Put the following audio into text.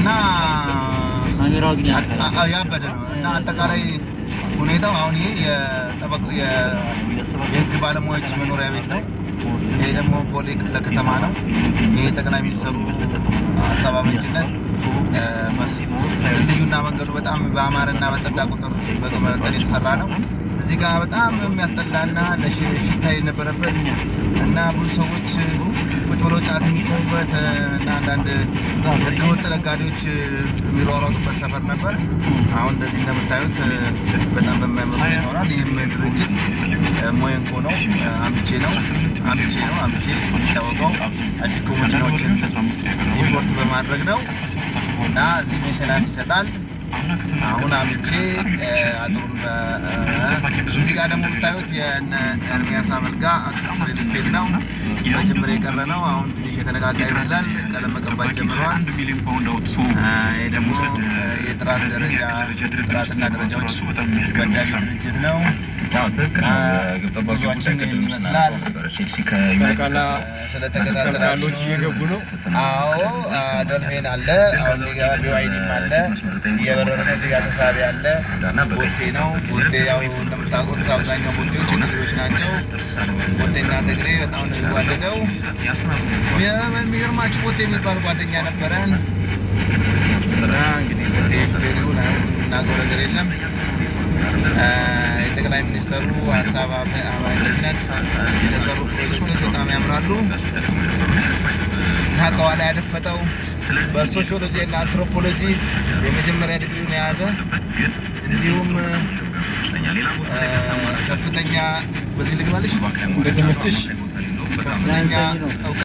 እና ያበደ ነው እና አጠቃላይ ሁኔታው አሁን ይሄ የህግ ባለሙያዎች መኖሪያ ቤት ነው። ይሄ ደግሞ ቦሌ ክፍለ ከተማ ነው። ይሄ ጠቅላይ ሚኒስትሩ ሀሳብ አመንጭነት ልዩና መንገዱ በጣም በአማረና በጸዳ ቁጥር በመጠን የተሰራ ነው። እዚህ ጋር በጣም የሚያስጠላና ለሽታ የነበረበት እና ብዙ ሰዎች ቁጭ ብለው ጫት የሚቆሙበት እና አንዳንድ ህገወጥ ነጋዴዎች የሚሯሯጡበት ሰፈር ነበር። አሁን እንደዚህ እንደምታዩት በጣም በማይመሩ ይኖራል። ይህም ድርጅት ሞየንኮ ነው፣ አምቼ ነው፣ አምቼ ነው። አምቼ የሚታወቀው አዲኮ መኪናዎችን ኢምፖርት በማድረግ ነው እና እዚህ ሜንቴናንስ ይሰጣል። አሁን አምቼ አጥሩ እዚህ ጋር ደግሞ የምታዩት የእነ ኤርሚያስ አመልጋ አክሰስ ሪል ስቴት ነው። መጀመሪያ የቀረ ነው። አሁን ትንሽ የተነጋጋ ይመስላል። ቀለም መቀባት ጀምረዋል። ይህ ደግሞ የጥራት ደረጃ ጥራትና ደረጃዎች መዳጅ ድርጅት ነው። ስለተከታተላሎች እየገቡ ነው። አዎ ዶልፌን አለ፣ ቢዋይዲም አለ፣ እየበረረ ተሳቢ አለ ቦቴ ነው። ቦቴ ያው እንደምታውቁት አብዛኛው ቦቴዎች የትግሬዎች ናቸው። ቦቴና ትግሬ በጣም ነው የሚዋደደው። የሚገርማችሁ ቦቴ የሚባል ጓደኛ ነበረን እንግዲህ ቦቴ ፍሬው ናገው ነገር የለም የጠቅላይ ሚኒስተሩ ሀሳብ አባልነት የተሰሩ ፕሮጀክቶች በጣም ያምራሉ። ከኋላ ያደፈጠው በሶሽሎጂ እና አንትሮፖሎጂ የመጀመሪያ ዲግሪውን የያዘ እንዲሁም ከፍተኛ በዚህ ልግባልሽ በትምህርትሽ ከፍተኛ